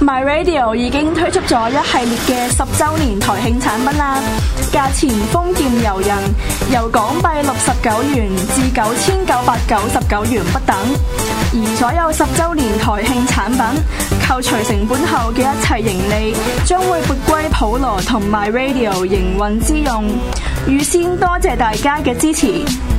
My Radio 已經推出咗一系列嘅十週年台慶產品啦，價錢豐儉由人，由港幣六十九元至九千九百九十九元不等。而所有十週年台慶產品扣除成本後嘅一切盈利，將會撥歸普羅同 My Radio 營運之用。預先多謝大家嘅支持。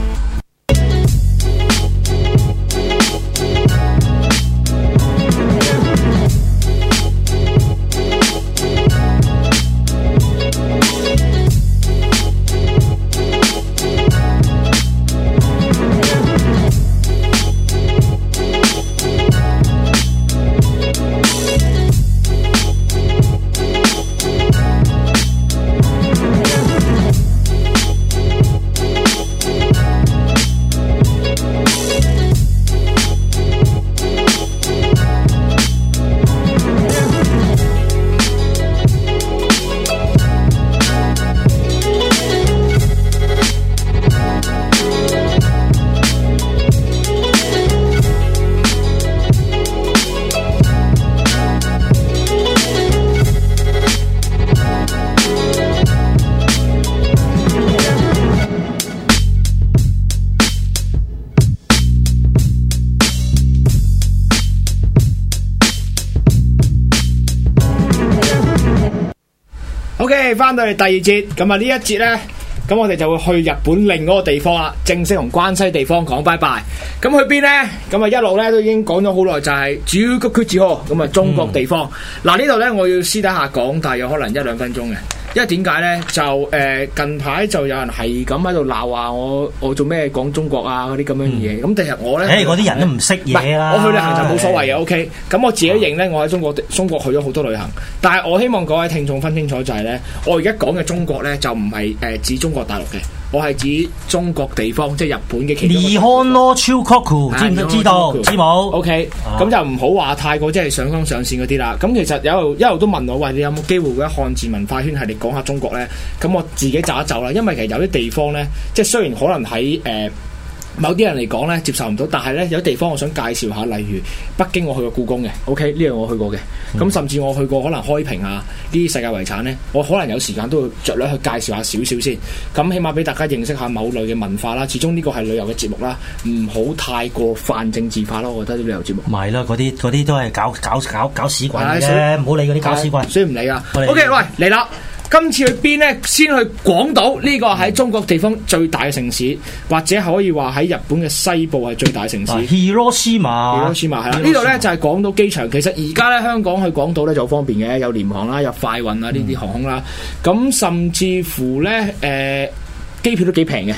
都係第二節，咁啊呢一節咧，咁我哋就會去日本另嗰個地方啦，正式同關西地方講拜拜。咁去邊咧？咁啊一路咧都已經講咗好耐，就係主要嘅圈子嗬。咁啊中國地方嗱，呢度咧，我要私底下講，大約有可能一兩分鐘嘅。因為點解咧？就誒近排就有人係咁喺度鬧話我我做咩講中國啊嗰啲咁樣嘢。咁其實我咧誒嗰啲人都唔識嘢啦。我去旅行就冇所謂嘅，OK。咁我自己認咧，我喺中國中國去咗好多旅行，但係我希望各位聽眾分清楚就係咧，我而家講嘅中國咧就唔係誒指中國大陸嘅。我係指中國地方，即係日本嘅其中一個地方。尼康咯，超酷、啊，知唔知道？知冇？OK，咁就唔好話太過，即係上綱上線嗰啲啦。咁其實有一路都問我，喂，你有冇機會會漢字文化圈系列講下中國咧？咁我自己走一走啦，因為其實有啲地方咧，即係雖然可能喺誒。呃某啲人嚟講呢，接受唔到，但係呢，有地方我想介紹下，例如北京我去過故宮嘅，OK 呢樣我去過嘅。咁、嗯、甚至我去過可能開平啊呢啲世界遺產呢，我可能有時間都會着略去介紹下少少先。咁起碼俾大家認識下某類嘅文化啦。始終呢個係旅遊嘅節目啦，唔好太過泛政治化咯。我覺得啲旅遊節目唔係咯，嗰啲嗰啲都係搞搞搞搞屎棍嘅，唔好的理嗰啲搞屎棍。所以唔理噶。OK，喂嚟啦。今次去邊呢？先去廣島呢、呢個喺中國地方最大嘅城市，或者可以話喺日本嘅西部係最大城市。Hiroshima，Hiroshima 係啦。呢度 Hiroshima 呢，就係、是、廣島機場。其實而家呢，香港去廣島呢就好方便嘅，有廉航啦，有快運啊呢啲航空啦。咁、嗯、甚至乎呢，誒、呃、機票都幾平嘅。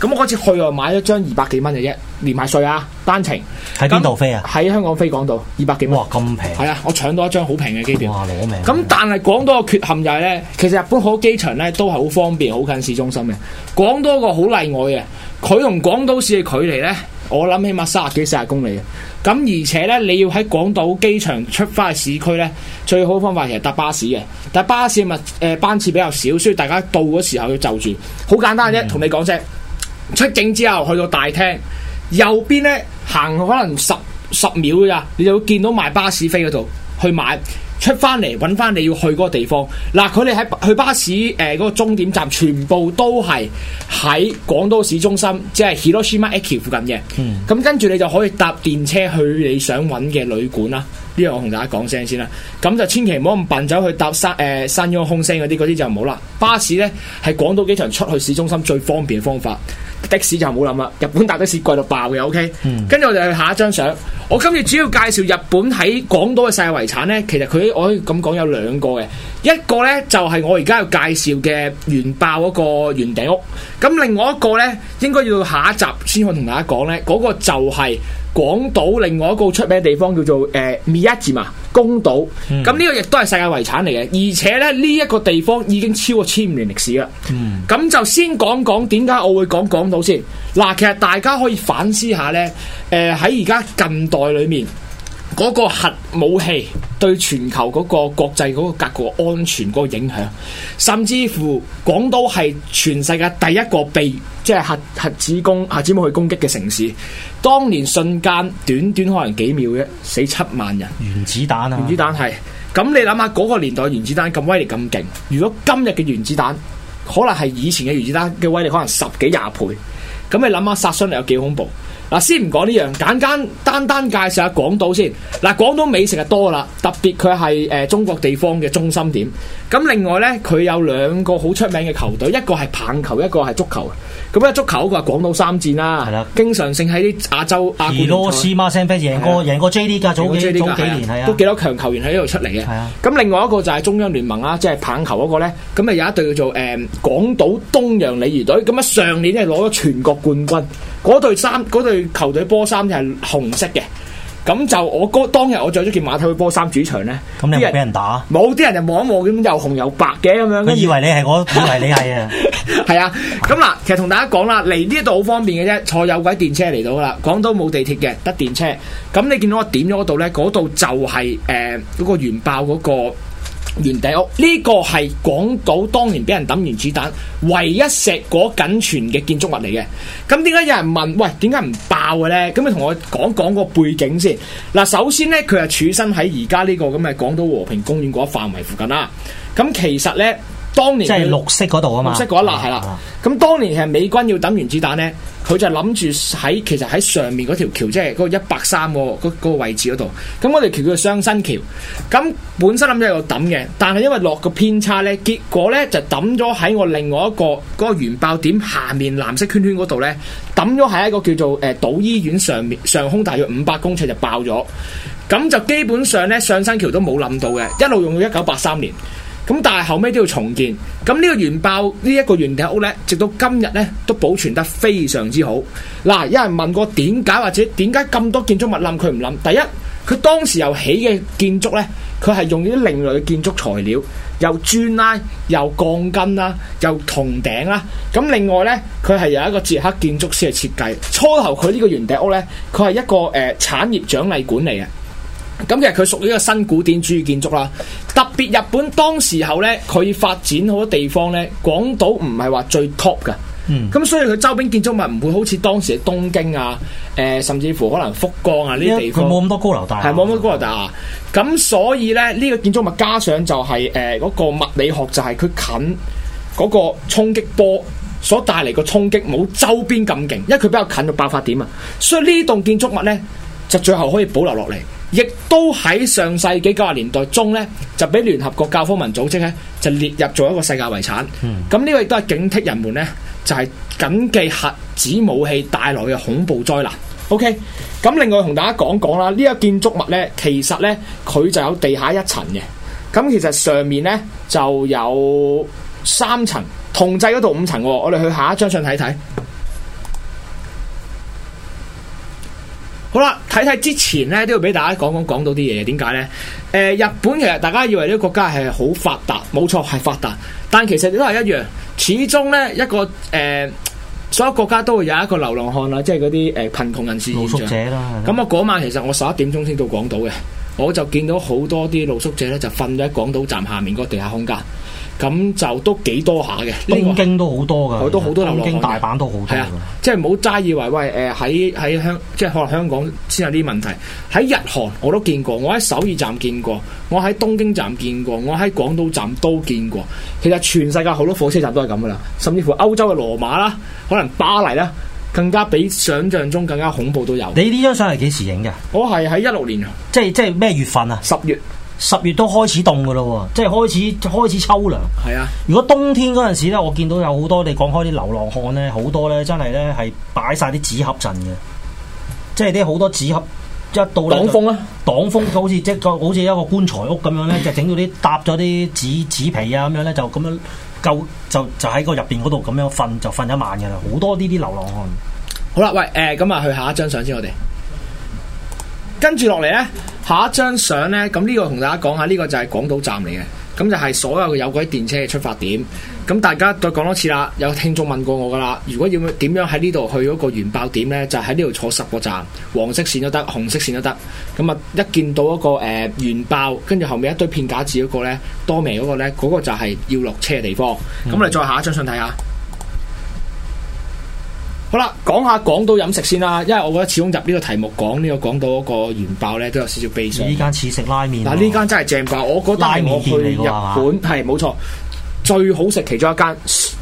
咁我嗰次去啊，買一張二百幾蚊嘅啫，連埋稅啊，單程。喺邊度飛啊？喺香港飛廣島，二百幾蚊。哇，咁平！係啊，我搶到一張好平嘅機票。咁但係廣島嘅缺陷就係、是、咧，其實日本好多機場咧都係好方便，好近市中心嘅。廣島個好例外嘅，佢同廣島市嘅距離咧，我諗起碼三十幾四十公里嘅。咁而且咧，你要喺廣島機場出翻去市區咧，最好方法其實搭巴士嘅，但係巴士咪誒班次比較少，所以大家到嗰時候要就住。好簡單啫，同、嗯、你講聲。出境之後去到大廳右邊咧，行可能十十秒咋，你就會見到賣巴士飛嗰度去買。出翻嚟揾翻你要去嗰個地方。嗱，佢哋喺去巴士誒嗰、呃嗰個終點站，全部都係喺廣島市中心，即係 Hiroshima Eki、e、附近嘅。嗯，咁跟住你就可以搭電車去你想揾嘅旅館啦。 我同大家講聲先啦，咁就千祈唔好咁笨走去搭山誒新 y 空聲嗰啲，嗰啲就唔好啦。巴士呢係廣島機場出去市中心最方便嘅方法，的士就唔好諗啦。日本搭的士貴到爆嘅，OK、嗯。跟住我哋去下一張相。我今次主要介紹日本喺廣島嘅世界遺產呢，其實佢我可以咁講有兩個嘅，一個呢就係、是、我而家要介紹嘅原爆嗰個圓頂屋。咁另外一個呢，應該要到下一集先可同大家講呢嗰、那個就係、是。廣島另外一個出名地方叫做誒米亞茲嘛，宮島，咁呢、嗯、個亦都係世界遺產嚟嘅，而且咧呢一、這個地方已經超過千年歷史啦。咁、嗯、就先講講點解我會講廣島先嗱，其實大家可以反思下咧，誒喺而家近代裏面。嗰個核武器對全球嗰個國際嗰個格局安全嗰個影響，甚至乎，廣島係全世界第一個被即係核核子攻核子武器攻擊嘅城市。當年瞬間短，短短可能幾秒啫，死七萬人。原子彈啊！原子彈係，咁你諗下嗰個年代原子彈咁威力咁勁，如果今日嘅原子彈可能係以前嘅原子彈嘅威力可能十幾廿倍，咁你諗下殺傷力有幾恐怖？嗱，先唔講呢樣，簡簡單單介紹下廣島先。嗱，廣島美食啊多啦，特別佢係誒中國地方嘅中心點。咁另外呢，佢有兩個好出名嘅球隊，一個係棒球，一個係足球。咁啊，足球嗰個廣島三戰啦，的經常性喺亞洲阿古諾斯馬聖菲贏過的贏過 J D 噶，早幾早幾年都幾多強球員喺呢度出嚟嘅。咁的的另外一個就係中央聯盟啦，即係棒球嗰個咧，咁啊有一隊叫做誒、呃、廣島東洋鯉魚隊，咁啊上年係攞咗全國冠軍。嗰對衫，對球隊波衫就係紅色嘅，咁就我哥當日我着咗件馬太去波衫主場咧，咁你俾人打，冇啲人就望一望，咁又紅又白嘅咁樣，佢以為你係我，以為你係 啊，係啊，咁嗱，其實同大家講啦，嚟呢度好方便嘅啫，坐有軌電車嚟到啦，廣島冇地鐵嘅，得電車，咁你見到我點咗嗰度咧，嗰度就係誒嗰個原爆嗰個。圓頂屋呢個係廣島當年俾人抌原子彈唯一石果僅存嘅建築物嚟嘅，咁點解有人問？喂，點解唔爆嘅呢？」咁你同我講講個背景先。嗱，首先呢，佢係處身喺而家呢個咁嘅廣島和平公園嗰一範圍附近啦。咁其實呢。當年係綠色嗰度啊嘛，綠色嗰一粒係啦。咁當年係美軍要抌原子彈呢，佢就諗住喺其實喺上面嗰條橋，即係嗰個一百三個嗰嗰個位置嗰度。咁嗰條橋叫雙新橋。咁本身諗住喺度抌嘅，但係因為落個偏差呢，結果呢就抌咗喺我另外一個嗰個原爆點下面藍色圈圈嗰度呢。抌咗喺一個叫做誒島醫院上面上空大約五百公尺就爆咗。咁就基本上呢，雙新橋都冇抌到嘅，一路用到一九八三年。咁但係後尾都要重建，咁呢個原爆呢一個圓頂屋呢，直到今日呢，都保存得非常之好。嗱，有人問過點解或者點解咁多建築物冧，佢唔冧？第一，佢當時又起嘅建築呢，佢係用呢啲另類嘅建築材料，又磚啦，又鋼筋啦，又銅頂啦。咁另外呢，佢係有一個捷克建築師嘅設計。初頭佢呢個圓頂屋呢，佢係一個誒、呃、產業獎勵館嚟嘅。咁其實佢屬於一個新古典主義建築啦，特別日本當時候呢，佢發展好多地方呢，廣島唔係話最 top 嘅，咁、嗯嗯、所以佢周邊建築物唔會好似當時嘅東京啊，誒、呃、甚至乎可能福岡啊呢啲地方，佢冇咁多高樓大廈，係冇咁多高樓大廈，咁、嗯、所以呢，呢、這個建築物加上就係誒嗰個物理學就係佢近嗰個衝擊波所帶嚟個衝擊冇周邊咁勁，因為佢比較近到爆發點啊，所以呢棟建築物呢，就最後可以保留落嚟。亦都喺上世紀九十年代中呢，就俾聯合國教科文組織呢，就列入咗一個世界遺產。咁呢、嗯、個亦都係警惕人們呢，就係、是、謹記核子武器帶來嘅恐怖災難。OK，咁另外同大家講講啦，呢一建築物呢，其實呢，佢就有地下一層嘅，咁其實上面呢，就有三層，同製嗰度五層喎。我哋去下一張相睇睇。好啦，睇睇之前咧都要俾大家講講廣島啲嘢，點解呢？誒、呃，日本其實大家以為呢個國家係好發達，冇錯係發達，但其實都係一樣。始終呢，一個誒、呃，所有國家都會有一個流浪漢啊，即係嗰啲誒貧窮人士、露宿者啦。咁我嗰晚其實我十一點鐘先到廣島嘅，我就見到好多啲露宿者呢，就瞓咗喺廣島站下面個地下空間。咁就都幾多下嘅，東京都好多噶，佢都好多。東京大阪都好多。係啊，即係唔好齋以為，喂誒喺喺香港，即係可能香港先有啲問題。喺日韓我都見過，我喺首爾站見過，我喺東京站見過，我喺廣島站，站都見過。其實全世界好多火車站都係咁噶啦，甚至乎歐洲嘅羅馬啦，可能巴黎啦，更加比想象中更加恐怖都有。你呢張相係幾時影嘅？我係喺一六年，即係即係咩月份啊？十月。十月都開始凍嘅咯喎，即係開始開始秋涼。係啊，如果冬天嗰陣時咧，我見到有好多你講開啲流浪漢咧，好多咧真係咧係擺晒啲紙盒陣嘅，即係啲好多紙盒一到咧擋風啦、啊，擋風就好似即係好似一個棺材屋咁樣咧，就整到啲搭咗啲紙紙皮啊咁樣咧，就咁樣夠就就喺個入邊嗰度咁樣瞓就瞓一晚嘅啦。好多呢啲流浪漢。好啦，喂誒，咁、呃、啊去下一張相先我哋。跟住落嚟咧，下一張相呢，咁呢個同大家講下，呢、這個就係廣島站嚟嘅，咁就係所有嘅有軌電車嘅出發點。咁大家再講多次啦，有聽眾問過我噶啦，如果要點樣喺呢度去嗰個原爆點呢？就喺呢度坐十個站，黃色線都得，紅色線都得。咁啊、那個，一見到一個原爆，跟住後面一堆片假字嗰個咧，多明嗰個咧，嗰、那個就係要落車嘅地方。咁我哋再下一張相睇下。好啦，講下廣島飲食先啦，因為我覺得始終入呢個題目講呢個廣島嗰個原爆咧，都有少少悲傷。呢間似食拉麵，哦，嗱呢間真係正爆。我覺得我去日本係冇錯，最好食其中一間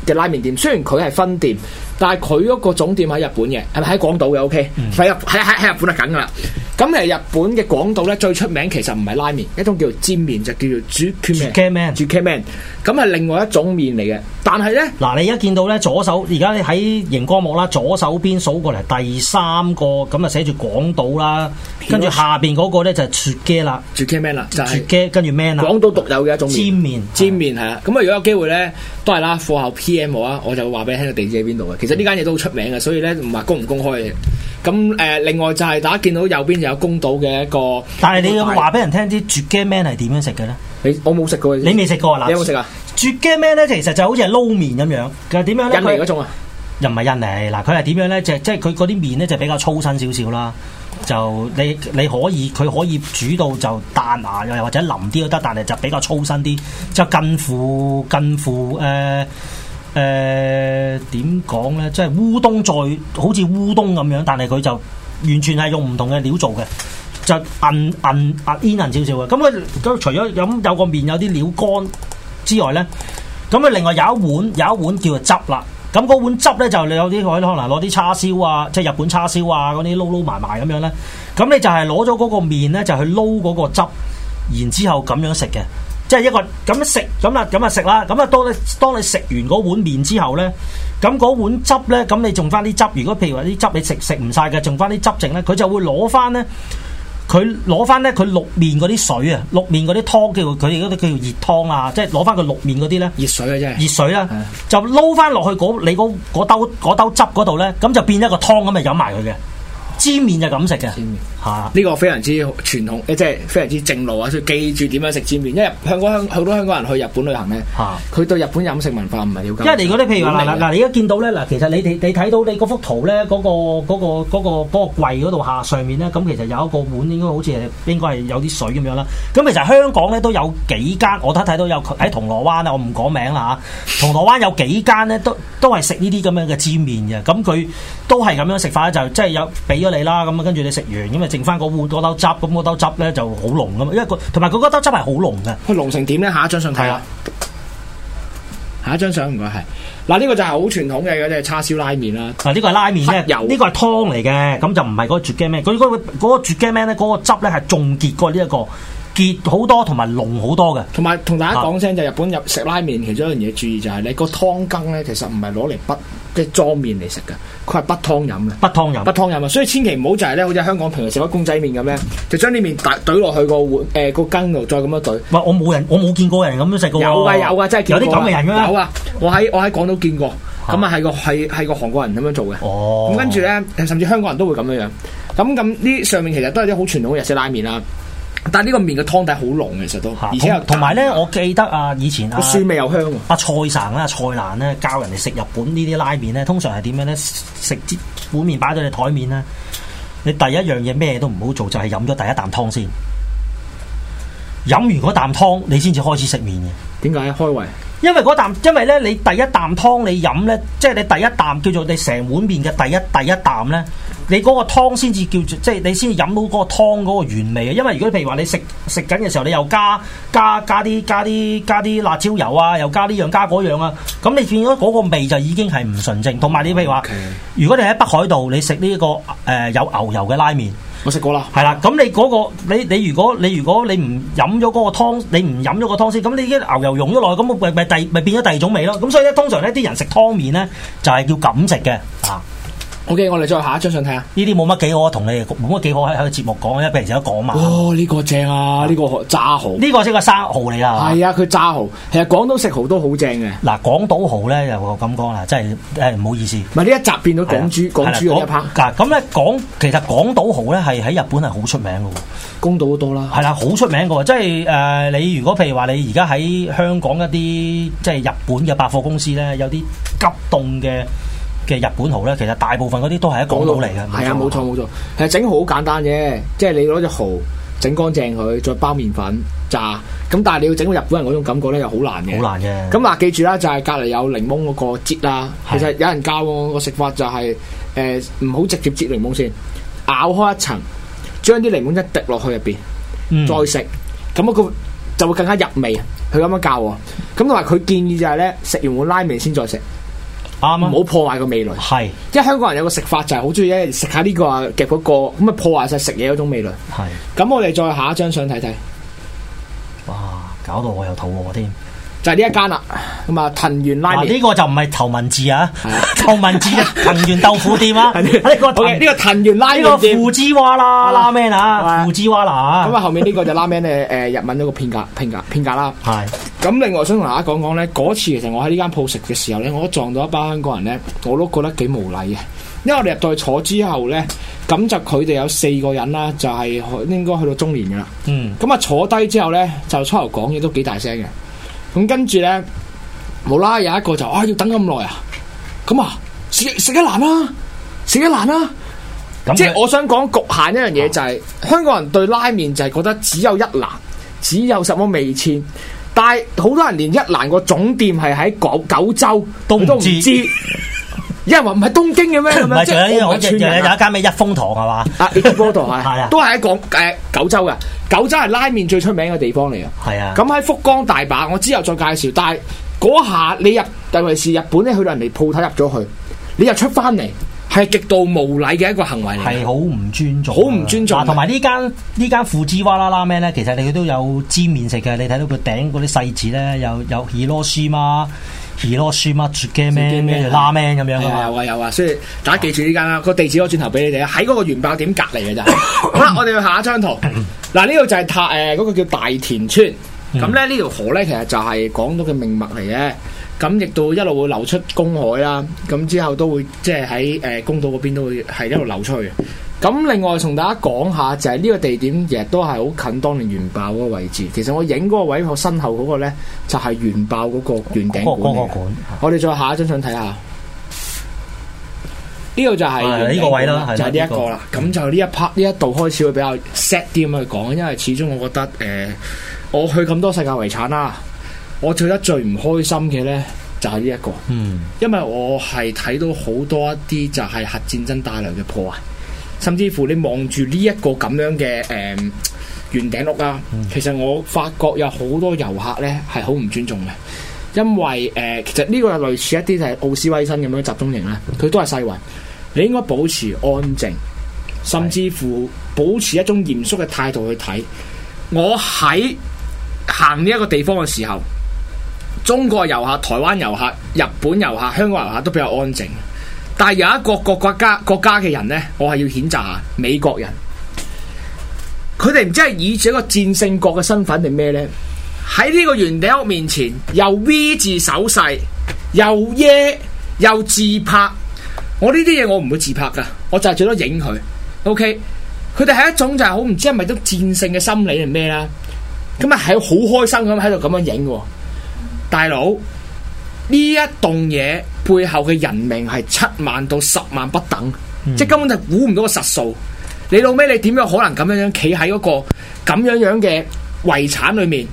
嘅拉麵店，雖然佢係分店。但係佢嗰個總店喺日本嘅，係咪喺廣島嘅？O K，喺日喺喺喺日本就梗㗎啦。咁誒日本嘅廣島咧最出名其實唔係拉麵，一種叫做沾麵就叫做豬卷麵，豬卷麵。咁係另外一種麵嚟嘅。但係咧，嗱你而家見到咧左手，而家你喺熒光幕啦，左手邊數過嚟第三個咁啊，寫住廣島啦，跟住下邊嗰個咧就係豬卷啦，豬卷麵啦，就係豬卷跟住麵啦。廣島獨有嘅一種麵。沾麵，沾麵係啦。咁啊，如果有機會咧，都係啦，課後 P M 啊，我就話俾你聽個地址喺邊度嘅。呢間嘢都好出名嘅，所以咧唔話公唔公開嘅。咁誒、呃，另外就係大家見到右邊就有公島嘅一,一個。但係你要話俾人聽啲絕 game man 係點樣食嘅咧？我冇食過，你未食過嗱？你有冇食啊？啦絕 game man 咧，其實就好似係撈麵咁樣。佢點樣咧？印尼嗰種啊？又唔係印尼嗱？佢係點樣咧？就係、即係佢嗰啲麵咧就，就，就，就比較粗身少少啦。就你你可以，佢可以煮到就彈牙，又或者淋啲都得，但係就比較粗身啲，就近乎近乎誒。誒，點講咧？即係烏冬再好似烏冬咁樣，但係佢就完全係用唔同嘅料做嘅，就韌韌壓煙韌少少嘅。咁佢除咗咁有，有個麵有啲料乾之外咧，咁啊另外有一碗有一碗叫做汁啦。咁嗰碗汁咧就你有啲可，可以可能攞啲叉燒啊，即係日本叉燒啊嗰啲撈撈埋埋咁樣咧。咁你就係攞咗嗰個麵咧就去撈嗰個汁，然之後咁樣食嘅。即係一個咁食咁啊，咁啊食啦，咁啊當你當你食完嗰碗麵之後咧，咁嗰碗汁咧，咁你仲翻啲汁。如果譬如話啲汁你食食唔晒嘅，仲翻啲汁剩咧，佢就會攞翻咧，佢攞翻咧佢碌麵嗰啲水啊，碌麵嗰啲湯叫佢嗰啲叫熱湯啊，即係攞翻個碌麵嗰啲咧。熱水嘅啫。熱水啦，就撈翻落去你嗰兜兜汁嗰度咧，咁就變一個湯咁啊飲埋佢嘅。煎麵就咁食嘅，嚇、啊！呢個非常之傳統，即係非常之正路啊！所以記住點樣食煎麵，因為香港香好多香港人去日本旅行咧，嚇、啊！佢對日本飲食文化唔係瞭解。因為如果啲譬如話，嗱你而家見到咧，嗱，其實你其實你睇到你嗰幅圖咧，嗰、嗰個嗰、嗰個嗰、嗰個嗰個、櫃嗰度下上面咧，咁其實有一個碗應應，應該好似係應該係有啲水咁樣啦。咁其實香港咧都有幾間，我都睇到有喺銅鑼灣啦，我唔講名啦嚇。銅鑼灣有幾間咧，都都係食呢啲咁樣嘅煎麵嘅，咁佢都係咁樣食法，就即、係、係有俾。嚟啦，咁啊，跟住你食完，咁啊，剩翻個碗嗰兜、那個、汁，咁嗰兜汁咧就好濃噶嘛，因為、那個同埋佢個兜汁係好濃嘅，佢濃成點咧？下一張相睇下，下一張相唔該係嗱，呢、啊這個就係好傳統嘅嗰、就是、叉燒拉麵啦，嗱呢、啊這個拉麵咧，呢個係湯嚟嘅，咁就唔係嗰個絕 game 咩？嗰個嗰個絕 game 咩咧？嗰個汁咧係仲結過呢一、這個。好多同埋濃好多嘅，同埋同大家講聲就日本入食拉麵，其中一樣嘢注意就係、是、你個湯羹咧，其實唔係攞嚟畢即係裝麵嚟食嘅，佢係畢湯飲嘅，畢湯飲，畢湯飲啊！所以千祈唔好就係、是、咧，好似香港平時食開公仔麵咁咧，就將啲麵打懟落去個碗誒個羹度，再咁樣懟。哇！我冇人，我冇見過人咁樣食過，過。有啊有啊，真係有啲咁嘅人㗎。有啊，我喺我喺廣島見過，咁啊係個係係個韓國人咁樣做嘅。哦，跟住咧，甚至香港人都會咁樣樣。咁咁呢上面其實都係啲好傳統嘅日式拉麵啦。但呢個麵嘅湯底好濃，其實都，而且同埋咧，我記得啊，以前啊，酸味又香。阿、啊、蔡神啊，蔡蘭咧教人哋食日本麵呢啲拉麵咧，通常係點樣咧？食碗麵擺咗你台面啦，你第一樣嘢咩都唔好做，就係飲咗第一啖湯先。飲完嗰啖湯，你先至開始食麵嘅。點解開胃？因為嗰啖，因為咧你第一啖湯你飲咧，即係你第一啖叫做你成碗麵嘅第一第一啖咧，你嗰個湯先至叫做，即係你先至飲到嗰個湯嗰個原味嘅。因為如果你譬如話你食食緊嘅時候，你又加加加啲加啲加啲辣椒油啊，又加啲樣加嗰樣啊，咁你變咗嗰個味就已經係唔純正。同埋你譬如話，Okay. 如果你喺北海道你食呢個誒有牛油嘅拉麵。我食過啦，係啦，咁你嗰個，你你如果你如果你唔飲咗嗰個湯，你唔飲咗個湯先，咁你已經牛油溶咗落去，咁咪咪第咪變咗第二種味咯，咁所以咧，通常咧啲人食湯麵咧就係叫咁食嘅。OK，我哋再下一張相睇下。呢啲冇乜幾好同你冇乜幾好喺喺個節目一講，因為平時都講嘛。哦，呢個正啊，呢個炸蠔，呢個先係生蠔嚟啊。係啊，佢炸蠔，其實廣島食蠔都好正嘅。嗱，廣島蠔咧又咁講啦，即係誒唔好意思。唔係呢一集變到港豬、啊啊，港豬嗰一 part 嗱咁咧，港其實廣島蠔咧係喺日本係好出名嘅。宮島都多啦。係啦、啊，好出名嘅喎，即係誒你如果譬如話你而家喺香港一啲即係日本嘅百貨公司咧，有啲急凍嘅。嘅日本蠔咧，其實大部分嗰啲都係廣島嚟嘅。係啊、嗯，冇錯冇錯，其實整好簡單嘅，即係你攞隻蠔整乾淨佢，再包麵粉炸。咁但係你要整個日本人嗰種感覺咧，又好難嘅。好難嘅。咁嗱，記住啦，就係隔離有檸檬嗰個擠啦。是其實有人教我個食法就係、是、誒，唔、呃、好直接擠檸檬先，咬開一層，將啲檸檬一滴落去入邊，嗯、再食。咁一個就會更加入味。佢咁樣教我。咁同埋佢建議就係咧，食完碗拉麵先再食。啱啊！冇破壞個味蕾，係，即係香港人有個食法就係好中意咧，食下呢個夾嗰個，咁啊破壞晒食嘢嗰種味蕾。係，咁我哋再下一張相睇睇。哇！搞到我又肚餓添。就係呢一間啦，咁啊藤原拉麵。呢個就唔係頭文字啊，頭文字啊，藤原豆腐店啊，呢個。OK，藤原拉麵呢個。胡之蛙啦，拉咩啦？胡之蛙啦。咁啊，後面呢個就拉咩咧？誒，日文呢個片假、片假、片假啦。係。咁另外我想同大家講講呢，嗰次其實我喺呢間鋪食嘅時候呢，我都撞到一班香港人呢，我都覺得幾無禮嘅，因為我哋入到去坐之後呢，咁就佢哋有四個人啦，就係、是、應該去到中年嘅啦。嗯。咁啊，坐低之後呢，就出頭講嘢都幾大聲嘅。咁跟住呢，無啦，有一個就啊，要等咁耐啊，咁啊，食食一蘭啦、啊，食一蘭啦、啊。這樣 即係我想講局限一樣嘢就係、是啊、香港人對拉麵就係覺得只有一蘭，只有什麼味千。但係好多人連一蘭個總店係喺廣九州，佢都唔知。有 人話唔係東京嘅咩？唔係是，仲有一間咩一風堂係嘛？ 啊，一風堂係， 是啊、都係喺廣誒九州嘅。九州係拉麵最出名嘅地方嚟嘅。係是啊。咁喺福岡大把，我之後再介紹。但係嗰下你入，尤其是日本咧，去到人哋鋪頭入咗去，你又出翻嚟。係極度無禮嘅一個行為嚟，係好唔尊重，好唔尊重。同埋呢間呢間富之哇啦啦咩咧，其實你佢都有煎麵食嘅，你睇到個頂嗰啲細字咧，有有魚羅舒嘛、魚羅舒嘛、絕嘅咩咩啦咩咁樣啊，有啊有啊，所以大家記住呢間啦，個地址我轉頭俾你哋啦，喺嗰個原爆點隔籬嘅就。好啦，我哋去下一張圖。嗱，呢度就係塔誒，嗰個叫大田村。咁咧呢條河咧，其實就係廣島嘅命脈嚟嘅。咁亦都一路會流出公海啦，咁之後都會即係喺誒公島嗰邊都會係一路流出嘅。咁另外同大家講下就係呢個地點，亦都係好近當年原爆嗰個位置。其實我影嗰個位，我身後嗰個呢，就係原爆嗰個圓頂館。我哋再下一張相睇下，呢個就係呢個位啦，就呢一個啦。咁就呢一 part 呢一度開始會比較 sad 啲咁去講，因為始終我覺得誒，我去咁多世界遺產啦。我做得最唔開心嘅呢，就係呢一個，因為我係睇到好多一啲就係核戰爭帶來嘅破壞，甚至乎你望住呢一個咁樣嘅誒、呃、圓頂屋啊，其實我發覺有好多遊客呢係好唔尊重嘅，因為誒、呃、其實呢個係類似一啲就係奧斯威辛咁樣集中營咧，佢都係世遺，你應該保持安靜，甚至乎保持一種嚴肅嘅態度去睇。我喺行呢一個地方嘅時候，中國遊客、台灣遊客、日本遊客、香港遊客都比較安靜，但係有一個各國國家國家嘅人呢，我係要譴責下美國人，佢哋唔知係以住一個戰勝國嘅身份定咩呢？喺呢個原地屋面前，又 V 字手勢，又耶、yeah，又自拍。我呢啲嘢我唔會自拍噶，我就係最多影佢。OK，佢哋係一種就係好唔知係咪都戰勝嘅心理定咩啦？咁啊喺好開心咁喺度咁樣影嘅。大佬，呢一棟嘢背後嘅人命係七萬到十萬不等，嗯、即係根本就估唔到個實數。你老尾你點樣可能咁樣，樣樣企喺嗰個咁樣樣嘅遺產裏面，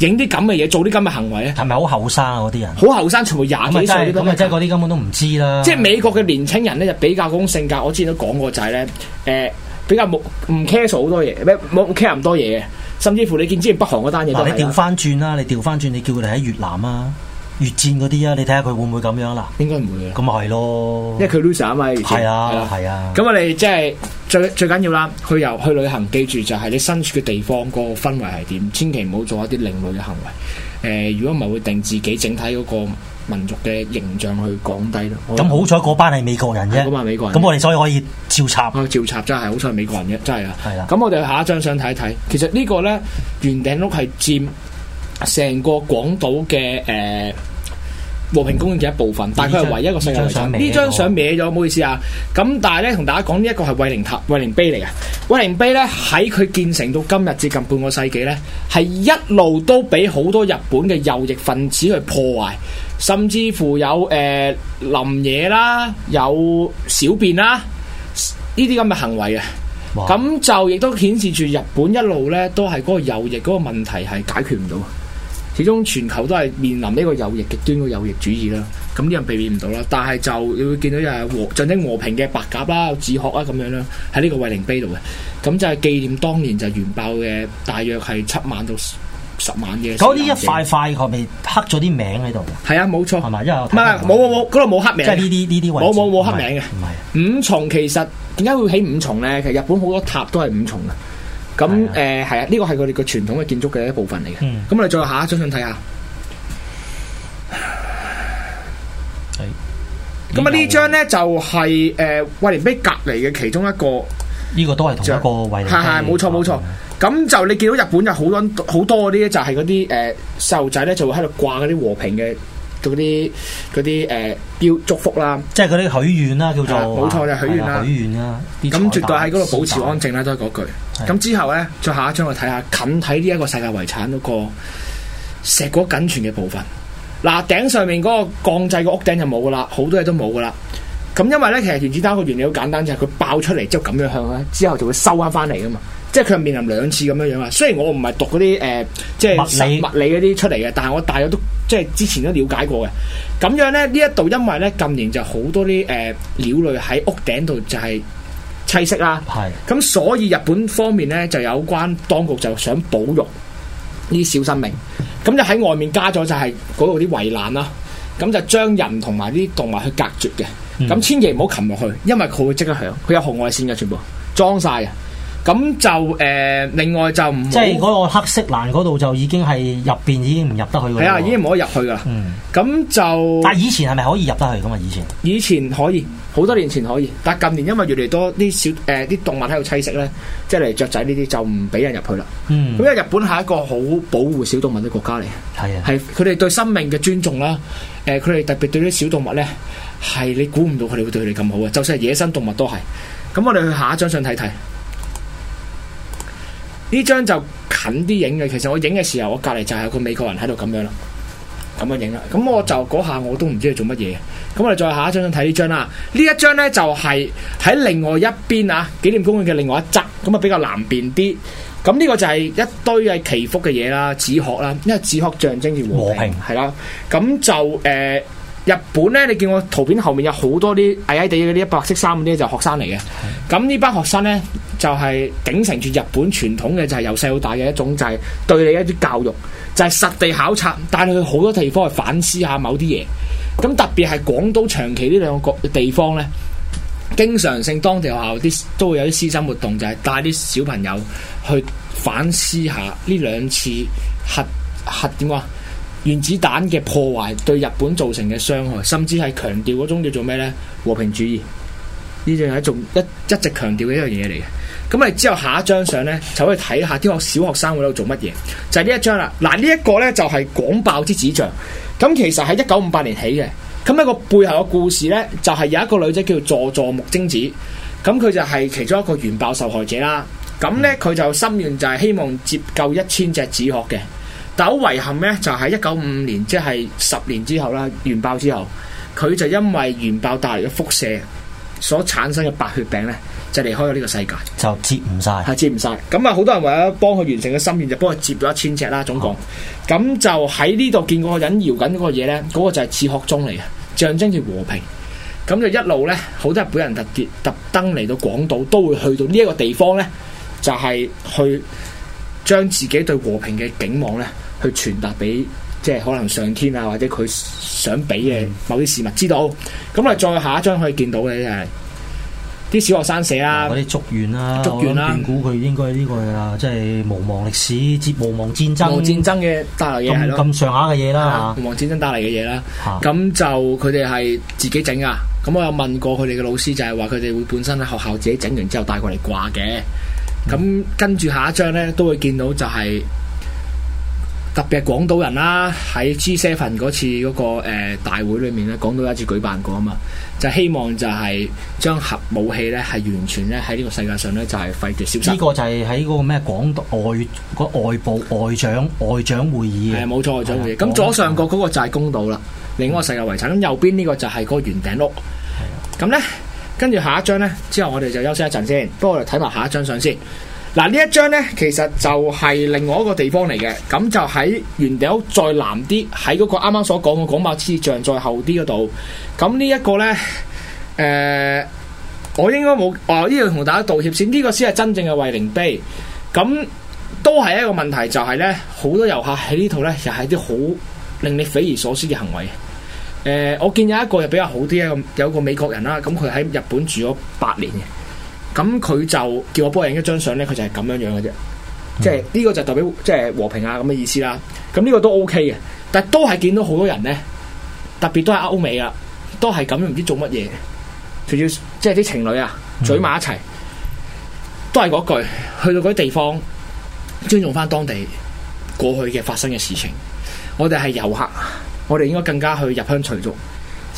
影啲咁嘅嘢，做啲咁嘅行為咧？係咪好後生啊？嗰啲人好後生，全部廿幾歲都。咁啊、就是，即係嗰啲根本都唔知啦。即係美國嘅年輕人咧，就比較嗰種性格。我之前都講過就係、是、咧，誒、呃、比較冇唔 care 數好多嘢，咩冇 care 咁多嘢嘅。甚至乎你見之前北韓嗰單嘢都你調翻轉啦，你調翻轉，你叫佢哋喺越南啊，越戰嗰啲啊，你睇下佢會唔會咁樣啦、啊？應該唔會啊、嗯、啊。咁咪係咯，因為佢 loser 啊嘛。係啊，係啊。咁我哋即係最最緊要啦，去遊去旅行，記住就係你身處嘅地方個氛圍係點，千祈唔好做一啲另類嘅行為。誒、呃，如果唔係會定自己整體嗰、那個。民族嘅形象去降低咯。咁好彩嗰班係美國人啫。班啊，美國人。咁我哋所以可以照抄啊，照抄真，真係好彩，美國人啫，真係啊。係啦。咁我哋去下一張相睇一睇。其實呢個咧，圓頂屋係佔成個廣島嘅誒。和平公園嘅一部分，但佢係唯一一個世界遺產講。呢張相歪咗，唔說好意思啊。咁但係咧，同大家講，這個，呢一個係慰靈塔、慰靈碑嚟嘅。慰靈碑咧，喺佢建成到今日接近半個世紀咧，係一路都俾好多日本嘅右翼分子去破壞，甚至乎有誒淋嘢啦，有小便啦，呢啲咁嘅行為嘅。咁哇就亦都顯示住日本一路咧都係嗰個右翼嗰個問題係解決唔到。始終全球都係面臨呢個右翼極端嘅右翼主義啦，咁啲人避免唔到啦。但係就你會見到又係和象徵和平嘅白鴿啦、啊、紙鶴啊咁樣啦，喺呢個慰靈碑度嘅。咁就係紀念當年就原爆嘅大約係七萬到十萬嘅。嗰啲一塊塊上面刻咗啲名喺度嘅。係啊，冇錯。係嘛？因為唔係冇冇冇，嗰度冇黑名。即係呢啲呢啲。冇冇冇黑名嘅。五重其實點解會起五重咧？其實日本好多塔都係五重嘅。咁誒係啊，呢、呃這個係佢哋個傳統嘅建築嘅一部分嚟嘅。咁、嗯、我哋再下一張相睇下。係、嗯。咁啊呢張咧、呃、就係誒威廉碑隔離嘅其中一個。呢個都係同一個威廉碑。係係，冇錯冇錯。咁平就你見到日本有好多好多嗰啲，就係嗰啲誒細路仔咧，就會喺度掛嗰啲和平嘅。啲嗰啲誒標祝福啦、啊，即係嗰啲許願啦、啊，叫做冇、啊、錯就許願啦，許願啦、啊。咁、啊啊、絕對喺嗰度保持安靜啦、啊，啊、都係嗰句。咁的之後咧，再下一張去睇下近睇呢一個世界遺產嗰個碩果僅存嘅部分。嗱、啊，頂上面嗰個鋼製個屋頂就冇噶啦，好多嘢都冇噶啦。咁、嗯、因為咧，其實原子彈個原理好簡單，就係、是、佢爆出嚟之後咁樣向咧，之後就會收翻翻嚟噶嘛。即係佢係面臨兩次咁樣樣啊。雖然我唔係讀嗰啲誒，即係物理嗰啲、呃、理出嚟嘅，但係我大約都。即係之前都了解過嘅，咁樣咧，呢一度因為咧近年就好多啲誒鳥類喺屋頂度就係棲息啦，咁是的 所以日本方面咧就有關當局就想保育呢啲小生命，咁就喺外面加咗就係嗰度啲圍欄啦，咁就將人同埋啲動物去隔絕嘅，咁、嗯、千祈唔好擒落去，因為佢會即刻響，佢有紅外線嘅全部裝晒。嘅。咁就誒、呃，另外就唔即係嗰個黑色欄嗰度就已經係入邊已經唔入得去咯。係啊，已經唔可以入去噶。嗯，咁就但以前係咪可以入得去噶嘛？以前以前可以，好多年前可以，但係近年因為越嚟多啲小誒啲、呃、動物喺度棲息咧，即係嚟雀仔呢啲就唔俾人入去啦。咁、嗯、因為日本係一個好保護小動物嘅國家嚟，係啊、嗯，係佢哋對生命嘅尊重啦。誒、呃，佢哋特別對啲小動物咧，係你估唔到佢哋會對佢哋咁好啊，就算係野生動物都係。咁我哋去下一張相睇睇。呢張就近啲影嘅，其實我影嘅時候，我隔離就有個美國人喺度咁樣啦，咁樣影啦。咁我就嗰下我都唔知佢做乜嘢。咁我哋再下一張睇呢張啦。呢一張呢，張就係喺另外一邊啊，紀念公園嘅另外一側，咁啊，比較南邊啲。咁呢個就係一堆嘅祈福嘅嘢啦，紙鶴啦，因為紙鶴象徵住和平，係啦平。咁就誒。呃日本咧，你見我圖片後面有好多啲矮矮地嗰啲白色衫嗰啲就學生嚟嘅。咁呢、嗯、班學生呢，就係、是、秉承住日本傳統嘅，就係、是、由細到大嘅一種就係、是、對你一啲教育，就係、是、實地考察，帶你去好多地方去反思下某啲嘢。咁特別係廣島長崎，呢兩個地方呢，經常性當地學校啲都會有啲師生活動，就係、是、帶啲小朋友去反思下呢兩次核核點講？原子彈嘅破壞對日本造成嘅傷害，甚至係強調嗰種叫做咩呢？和平主義，呢樣係仲一一直強調嘅一樣嘢嚟嘅。咁啊之後下一張相呢，就可以睇下啲學小學生會度做乜嘢，就係、是、呢一張啦。嗱呢一個呢就係、是、廣爆之紙像，咁其實喺一九五八年起嘅。咁一個背後嘅故事呢，就係、是、有一個女仔叫佐佐木貞子，咁佢就係其中一個原爆受害者啦。咁呢，佢就心願就係希望接夠一千隻紙鶴嘅。但好遺憾咧，就喺一九五五年，即係十年之後啦，原爆之後，佢就因為原爆帶來嘅輻射所產生嘅白血病呢，就離開咗呢個世界，就摺唔晒。係摺唔晒，咁啊，好多人為咗幫佢完成嘅心願，就幫佢摺咗一千隻啦，總共。咁、嗯、就喺呢度見嗰個人搖緊嗰個嘢呢，嗰、那個就係恆學鐘嚟嘅，象徵住和平。咁就一路呢，好多日本人特別特登嚟到廣島，都會去到呢一個地方呢，就係、是、去。將自己對和平嘅景望咧，去傳達俾即係可能上天啊，或者佢想俾嘅某啲事物、嗯、知道。咁啊，再下一張可以見到嘅，就是，即係啲小學生寫啦，啊，嗰啲祝願啦，祝願啦。斷估佢應該呢，這個即係、就是、無望歷史，無望戰爭，無望戰爭嘅帶嚟嘢係咯，咁上下嘅嘢啦吓，無望戰爭帶嚟嘅嘢啦。咁、啊、就佢哋係自己整㗎。咁、啊、我有問過佢哋嘅老師，就係話佢哋會本身喺學校自己整完之後帶過嚟掛嘅。咁跟住下一張呢，都會見到就係特別係廣島人啦、啊，喺 G Seven 嗰次嗰、嗰個、呃、大會裏面呢，廣島有一次舉辦過啊嘛，就是、希望就係將核武器呢，係完全呢，喺呢個世界上呢，就係、是、廢掉消失。呢個就係喺嗰個咩廣島外個外部外長外長會議啊。係冇、嗯、錯，外長會議。咁、哎、呀左上角嗰個就係宮島啦，另外一個世界遺產。咁右邊呢個就係個圓頂屋。咁的呢。跟住下一張呢，之後我哋就休息一陣先。不過我哋睇埋下一張相先。嗱，呢一張呢，其實就係另外一個地方嚟嘅。咁就喺圓頂再南啲，喺嗰個啱啱所講嘅廣百之像再後啲嗰度。咁呢一個呢，誒、呃，我應該冇啊！呢度同大家道歉先。呢、這個先係真正嘅慰靈碑。咁都係一個問題，就係呢，好多遊客喺呢度呢，又係啲好令你匪夷所思嘅行為。誒、呃，我見有一個又比較好啲嘅，有個美國人啦，咁佢喺日本住咗八年嘅，咁、嗯、佢就叫我幫我影一張相咧，佢就係咁樣樣嘅啫，即係呢個就代表即係、就是、和平啊咁嘅意思啦。咁、嗯、呢、嗯、個都 OK 嘅，但係都係見到好多人咧，特別都係歐美啦，都係咁唔知做乜嘢，仲要即係啲情侶啊，咀埋一齊，都係嗰句，去到嗰啲地方尊重翻當地過去嘅發生嘅事情，我哋係遊客。我哋應該更加去入鄉隨俗，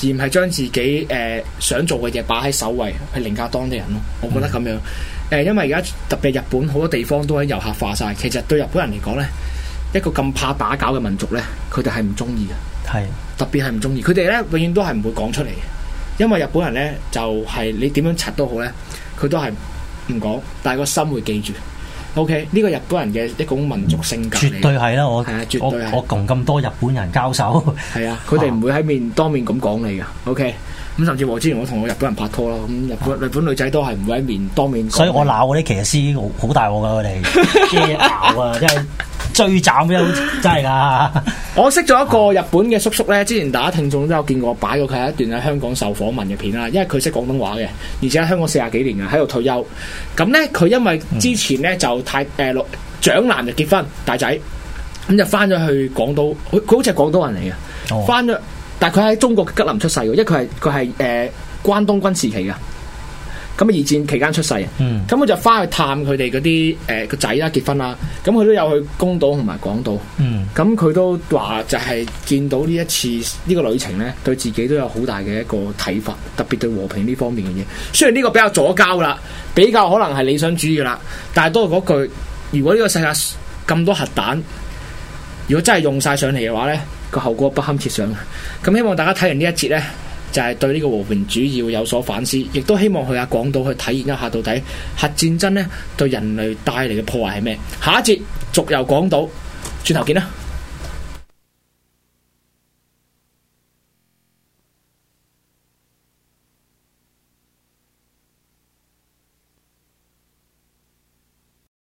而唔係將自己誒、呃、想做嘅嘢擺喺首位，去凌駕當地人咯。我覺得咁樣誒，嗯、因為而家特別日本好多地方都喺遊客化晒。其實對日本人嚟講呢，一個咁怕打攪嘅民族呢，佢哋係唔中意嘅。係是的 特別係唔中意，佢哋呢永遠都係唔會講出嚟嘅，因為日本人呢就係、是、你點樣拆都好呢，佢都係唔講，但係個心會記住。O K，呢個日本人嘅一種民族性格絕、啊，絕對係啦，我我我共咁多日本人交手，係啊，佢哋唔會喺面、啊、當面咁講你噶。O K，咁甚至黃之絨我同我日本人拍拖啦，咁日本日本女仔都係唔會喺面當面，所以我鬧嗰啲騎師好好大鑊噶佢哋，啊真係。 最慘嘅，真係㗎！我識咗一個日本嘅叔叔呢，之前大家聽眾都有見過，擺咗佢喺一段喺香港受訪問嘅片啦。因為佢識廣東話嘅，而且喺香港四十幾年啊，喺度退休。咁呢，佢因為之前呢就太誒六、呃、長男就結婚大仔，咁就翻咗去廣東，佢好似係廣東人嚟嘅，翻咗、哦。但係佢喺中國吉林出世嘅，因為佢係佢係誒關東軍時期嘅。咁二戰期間出世，咁佢、嗯、就翻去探佢哋嗰啲誒個仔啦，結婚啦，咁佢、嗯、都有去宮島同埋廣島，咁佢、嗯、都話就係見到呢一次呢個旅程呢，對自己都有好大嘅一個睇法，特別對和平呢方面嘅嘢。雖然呢個比較左膠啦，比較可能係理想主義啦，但係都係嗰句，如果呢個世界咁多核彈，如果真係用晒上嚟嘅話呢，個後果不堪設想。咁希望大家睇完呢一節呢，就係對呢個和平主義有所反思，亦都希望去下廣島去體驗一下到底核戰爭呢對人類帶嚟嘅破壞係咩。下一節，續遊廣島，轉頭見啦。